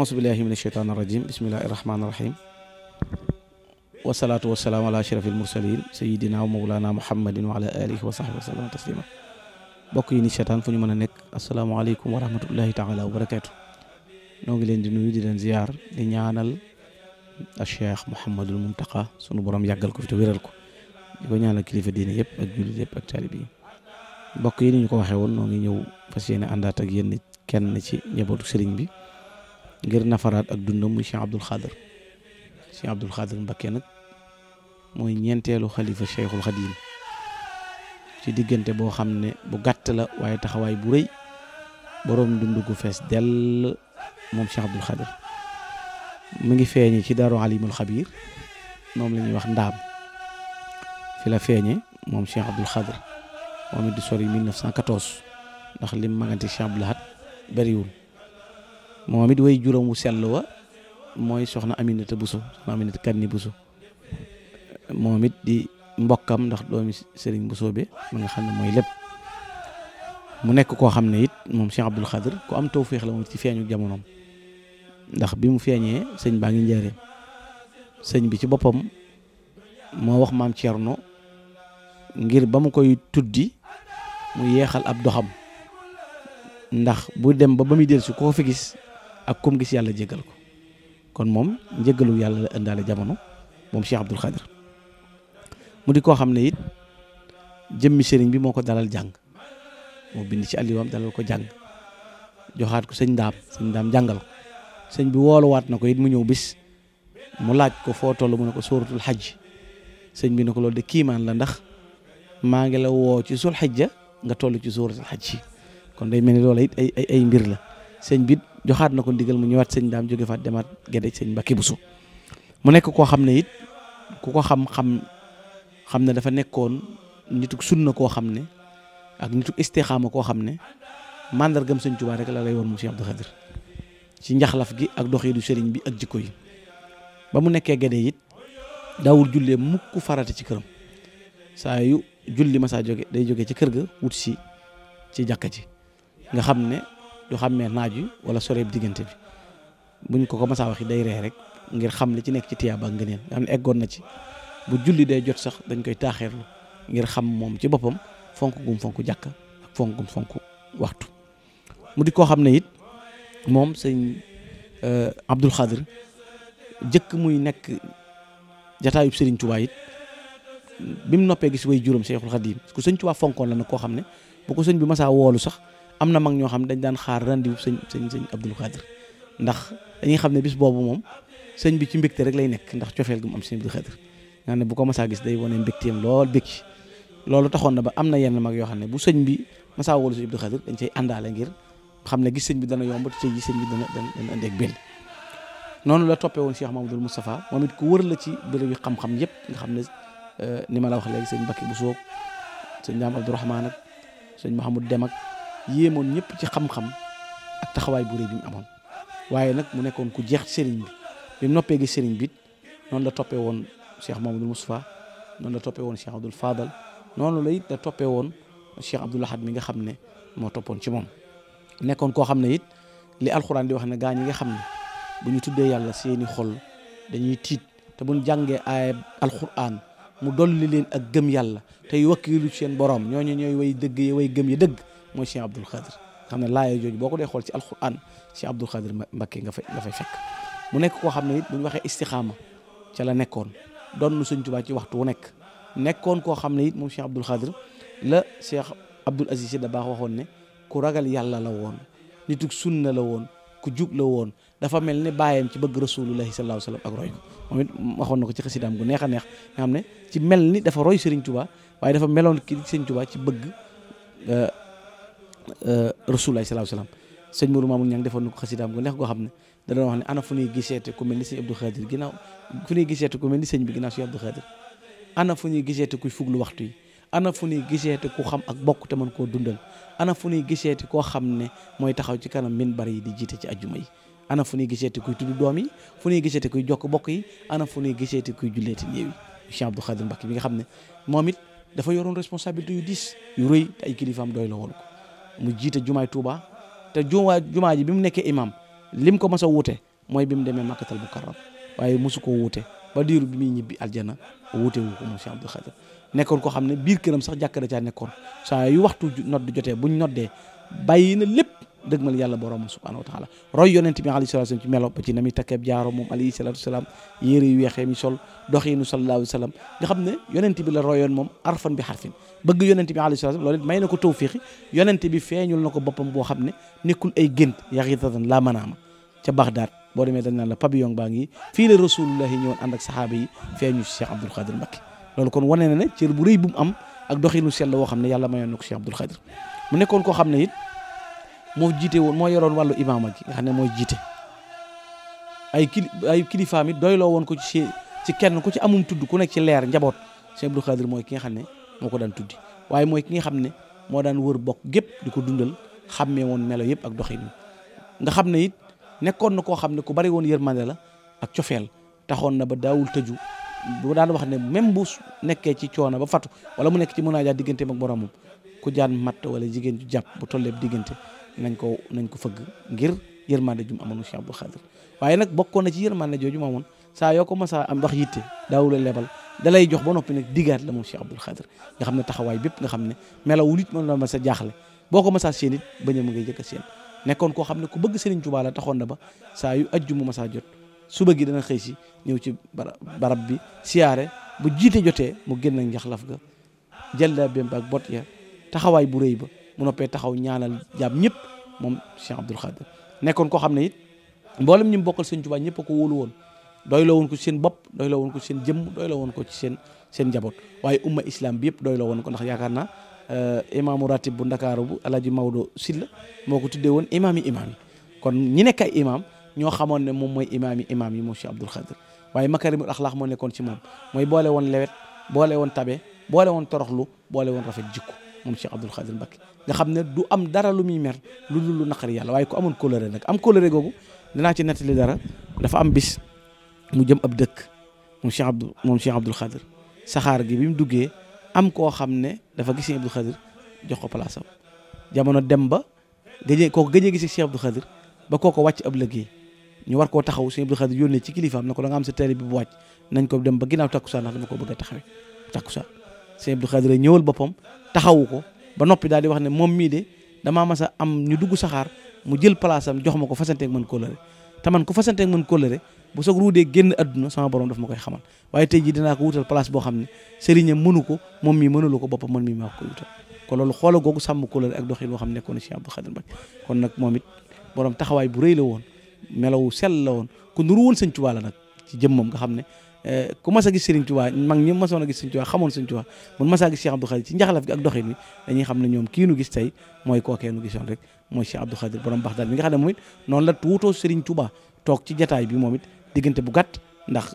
auzubillahi min asheytaan irajim bismillahi irahmani irahim wasalaatu wasalaamu ala ashraf almursalin sayidina wa mawlana muhammadin wa ala wa sahbi mbokk yi ni seetaan fu ñu mën a nekk asalaamaaleykum wa rahmatullahi taala wa barakatu noo ngi leen di nuyu di leen ziyaar di ñaanal a cheikh mouhamadul muntaqa sunu borom yàggal ko fi te wéral ko di ko ñaanal kilifa diine yëpp ak jullit yëpp ak taalib yi mbokk yi ni ñu ko waxee woon noo ñëw fas yéene àndaat ak yéen kenn ci njabootu sëriñ bi ngir nafaraat ak dundam muy Cheikh Abdoul Khader Cheikh Abdoul mbakke nag mooy ñeenteelu xalifa Cheikhul Khadim ci diggante boo xam ne bu gàtt la waaye taxawaay bu rëy boroom dund gu fees dell moom Cheikh Abdoul Khader mu ngi feeñe ci daaru alimul xabir moom la ñuy wax ndaam fi la feeñe moom Cheikh Abdoul Khader moom it di sori 1914 ndax lim magante Cheikh Abdoul Ahad bariwul moom it way juróom wu sell wa mooy soxna Aminata Bousso soxna Aminata Kanni Bousso moom it di mbokkam ndax doomi sëriñ buso bi ma xam ne mooy lépp mu nekk koo xam ne it moom Cheikh Abdoul Khadir ku am tawféex la moom ci feeñu jamonoom ndax bi mu feeñee sëñ baa ngi njaareem sëñ bi ci boppam moo wax maam no ngir ba mu koy tuddi mu yeexal ab doxam ndax bu dem ba ba muy dellusi koo fi gis ak kum gis yàlla jéggal ko kon moom njëggalu yàlla la ëndaale jamono moom Cheikh Abdoul Khadir mu di koo xam ne it jëmmi sëriñ bi moo ko dalal jàng moo bind ci alliwaam dalal ko jàng joxaat ko sëñ daam sëñ daam jàngal ko sëñ bi wooluwaat na ko it mu ñëw bis mu laaj ko foo toll mu ne ko sóoratul xajj sëñ bi ne ko loolu de kiimaan la ndax maa ngi la woo ci sul xajja nga toll ci sóoratul xaj kon day mel ni ay ay mbir la sëñ bit joxaat na ko ndigal mu ñëwaat sëñ daam jóge faat demaat gedej sëñ Mbàkke Buso mu nekk koo xam ne it ku ko xam xam xam ne dafa nekkoon nituk sunna koo xam ne ak nituk istixaama koo xam ne mandargam sëñ Tuubaa rek la lay woon mu Cheikh Abdou Khadir ci njaxlaf gi ak doxiinu sëriñ bi ak jikko yi ba mu nekkee gedde it daawul jullee mukk farata ci këram saa yu julli ma saa jóge day jóge ci kër ga wut si ci jàkka ji nga xam ne du xàmmee naaju wala soreeb diggante bi buñ ko ko masaa waxi day ree rek ngir xam li ci nekk ci tiyaaba ak ngëneel nga xam ne eggoon na ci bu julli day jot sax dañ koy taaxeerlu ngir xam moom ci boppam fonk gum fonk jàkka ak fonk gum fonk waxtu mu di koo xam ne it moom sëñ eh, Abdul Xaadir jëkk muy nekk jataayub Sëriñ Tuubaa it bi mu noppee gis way juróom Seexul Xadiim ku fonkoon la nag koo xam ne bu ko sëñ bi masaa woolu sax am na mag ñoo xam dañ daan xaar rendez-vous sëñ sëñ sëñ Abdou Khadr ndax dañuy xam ne bis boobu moom sëñ bi ci mbégte rek lay nekk ndax cofeel gu mu am sëñ Abdou Khadr nga ne bu ko masaa gis day wane mbégteem lool bégg loolu taxoon na ba am na yenn mag yoo xam ne bu sëñ bi masaa wóolu sëñ Abdou Khadr dañ cay àndaale ngir xam ne gis sëñ bi dana yomb te tey ji sëñ bi dana dana andi ak benn noonu la toppee woon Cheikh Mamadou Moustapha moom it ku wër la ci béréb yi xam-xam yëpp nga xam ne euh, ni ma la wax léegi sëñ Mbacke bu soog sëñ Daam Abdourahmane ak sëñ Mahamoud Dem ak yéemoon ñëpp ci xam-xam ak taxawaay bu rëy bi mu amoon waaye nag mu nekkoon ku jeex ci sëriñ bi bi noppee gi sëriñ bi noonu la toppee woon Cheikh Mamadou Moustapha noonu la toppee woon Cheikh Abdoul Fadal noonu la it toppee woon Cheikh Abdoul Ahad mi nga xam ne moo toppoon ci moom nekkoon koo xam ne it li alxuraan di wax ne gaa ñi nga xam ne bu ñu tuddee yàlla seeni xol dañuy tiit te buñ jàngee aaya alxuraan mu dolli leen ak gëm yàlla tey wakkilu seen borom ñooñu ñooy way dëgg yi way gëm yi dëgg mooy Cheikh Abdoul Khadir xam ne laaya jooju boo ko dee xool ci alquran Cheikh Abdoul Khadir Mbacké nga fa nga fay fekk mu nekk koo xam ne it bu ñu waxee istixaama ca la nekkoon doon nu Sëñ Tuubaa ci waxtu wu nekk nekkoon koo xam ne it moom Cheikh Abdoul Khadir la Cheikh Abdoul Aziz da baax waxoon ne ku ragal yàlla la woon nitug sunna la woon ku jub la woon dafa mel ne bàyyam ci bëgg rasulullahi sallallahu alayhi wa sallam ak roy ko moom it waxoon na ko ci xasidaam gu neex a neex ci mel ni dafa roy Serigne waaye dafa meloon ki Serigne Touba ci bëgg euh, Euh, rasulullahi salaahu salaam sëñ Mourou Mamoun Niang defoon na ko xasidaam gu neex goo xam ne da doon wax ne ana fu ñuy giseete ku mel ni sëñ Abdou Khadir ginnaaw fu ñuy giseete ku mel ni sëñ bi ginnaaw sëñ Abdou Khadir fu ñuy giseete waxtu yi ana fu ñuy giseete ku xam ak bokk te mën koo dundal ana fu ñuy giseete koo xam ne mooy taxaw ci kanam bari yi di jiite ci ajjuma yi ana fu ñuy giseete kuy tudd doom yi fu ñuy giseete kuy jokk bokk yi ana fu ñuy giseete kuy julleeti néew yi Cheikh Abdou Khadir Mbacké mi nga xam ne moom it dafa yoroon responsabilité yu diis yu rëy te ay kilifaam doy la woon ko mu jiite jumaay Touba te jumaa jumaa ji bi mu nekkee imam lim ko mas a wute mooy bi mu demee Makkatal Mukarram waaye mosu koo wuute ba diiru bi muy ñibbi aljana wuute wu ko moom Cheikh Abdoul Khadir nekkoon koo xam ne biir këram sax jàkka da caa nekkoon saa yu waxtu nodd jotee buñ noddee bàyyi na lépp dëgmal yàlla borom subhanahu wa taala roy yonent bi alayhi salatu na muy mi sol doxiinu sallallahu alayhi wasallam bi la royoon moom arfan bi xarfin bëgg yonent bi alayhi salatu wasalam loolu it may na ko tawfiixi yonent bi feeñul na ko boppam boo xam ne nekkul ay gént yaxitatan boo demee dañ naan la pavillon baa ngi fii la rasulullahi ñëwoon ànd ak saxaaba yi feeñu si Cheikh Abdoul Khadir Mbacké loolu kon wane na ne cër bu rëy bu am ak doxiinu sell woo xam ne yàlla mayoon na ko Cheikh Abdoul Khadir mu nekkoon koo xam ne it moo jiite woon moo yoroon wàllu imaama gi nga xam ne mooy jiite ay kili ay kilifaam it doyloo woon ko ci ci kenn ku ci amum tudd ku nekk ci leer njaboot Sëñ Abdou mooy ki nga xam ne moo ko daan tuddi waaye mooy ki nga xam ne moo daan wër bokk gépp di ko dundal xàmmee woon melo yëpp ak doxin nga xam ne it nekkoon na koo xam ne ku bari woon yërmande la ak cofeel taxoon na ba daawul tëju bu daan wax ne même bu nekkee ci coono ba fatu wala mu nekk ci mën a jaar digganteem ak boromam ku jaan matt wala jigéen ju jàpp bu tolleeb diggante nañ ko nañ ko fëgg ngir yërmande jum amoon Cheikh Abdou Khadir waaye nag bokkoon na ci yërmande jooju moomoon saa yoo ko masa am wax yitte daawula lebal da lay jox ba noppi nag digaat la moom Cheikh Abdou Khadir nga xam ne taxawaay bépp nga xam ne melawu nit mën na ma sa jaaxle boo ko masa seen it bañ a mu ngay jëkk seen nekkoon koo xam ne ku bëgg Serigne Touba taxoon na ba saa yu ajju mu masa jot suba gi dana xëy si ñëw ci barab bi siyaare bu jiite jotee mu génn njaxlaf ga jël daa bemb bot ya taxawaay bu rëy ba mu noppee taxaw ñaanal jaam ñëpp moom Cheikh Abdoul Khadir nekkoon koo xam ne it mboolem ñi mu bokkal sëñ Tuubaa ñëpp ko wóolu woon doy la woon ko seen bopp doy la woon ko seen jëmm doy woon ko ci seen seen njaboot waaye umma islam bi yëpp doy la woon ko ndax yaakaar naa euh, imaamu ratib bu ndakaaru bu alaaji Maodo Sylla moo ko tuddee woon imaam yi imaam kon ñi nekk ay imaam ñoo xamoon ne moom mooy imaam yi imaam yi moom Cheikh Abdoul Khadir waaye makarimul axlaax moo nekkoon ci moom mooy boole woon lewet boole woon tabe boole woon toroxlu boole rafet jikko moom Cheikh Abdoul Khadir Mbacké nga xam ne du am dara lu muy mer lu dul lu naqari yàlla waaye ko amoon coloré nag am coloré googu danaa ci nettali dara dafa am bis mu jëm ab dëkk moom Cheikh moom Cheikh Abdoul Khadir saxaar gi bi mu duggee am koo xam ne dafa gis Cheikh Abdoul jox ko place am jamono dem ba gëjee kooku gëjee gis Cheikh Abdoul Khadir ba kooko wàcc ab liggéey ñu war koo taxaw Cheikh Abdoul Khadir yónnee ci kilifaam na ko da am sa teel bi bu wàcc nañ ko dem ba ginaaw takkusaan ndax dama ko bëgg a taxawee takkusaan sëñ Abdou Khadre ñëwal boppam taxawu ko ba noppi daal di wax ne moom mii de damaa mas am ñu dugg saxaar mu jël place am jox ma ko fasante ak man kóllëre te man ku fasante ak man kóllëre bu soog ruudee génn adduna sama borom daf ma koy xamal waaye tey jii dinaa ko wutal place boo xam ne sëriñam mënu ko moom mii mënulu ko boppam man mii maa ko wutal kon loolu xoola googu sàmm ko kóllëre ak doxin boo xam nekkoon na sëñ Abdou Khadre Mbacké kon nag moom it borom taxawaay bu rëy la woon melawu sell la woon ku nuru woon sëñ Tuubaa la nag ci jëmmam nga xam ne Eh, ku mas a gis Serigne Touba mag ñi masoon a gis Serigne Touba xamoon Serigne Touba mun masaa gis Cheikh Abdou Khadir ci njaxlaf gi ak doxin wi dañuy xam ne ñoom kii nu gis tey mooy kookee nu gisoon rek mooy Cheikh Abdou Khadir borom Baxdaad bi nga xam ne moom it noonu la tuutoo Serigne Touba toog ci jataay bi moom it diggante bu gàtt ndax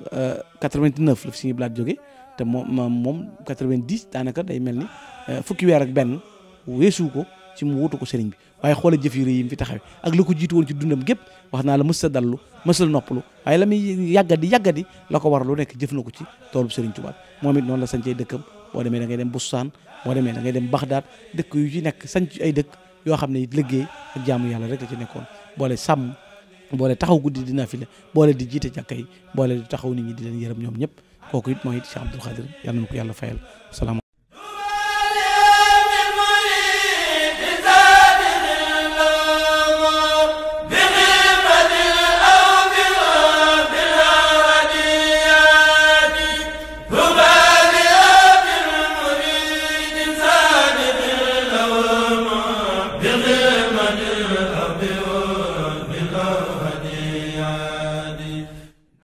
89 eh, la fi suñu blaat jóge te moom moom 90 daanaka day mel ni eh, fukki weer ak benn weesu ko ci mu wutu ko sëriñ bi waaye xoola jëf yu rëy yi mu fi taxawe ak la ko jiitu woon ci dundam gépp wax naa la mës sa dallu mës la noppalu waaye la muy yàggadi yàggadi la ko war lu nekk jëf na ko ci toolub sëriñ Tuubaa moom it noonu la sancee dëkkam boo demee da ngay dem Bustaan boo demee da ngay dem Baxdaad dëkk yu ci nekk sanc ay dëkk yoo xam ne it liggéey ak yàlla rek la ci nekkoon boole sàmm boole taxaw guddi di naafila boole di jiite jàkka yi boole di taxaw nit ñi di leen yërëm ñoom ñëpp kooku it mooy it Cheikh Abdoul Khadir yàlla na ko yàlla fayal salaam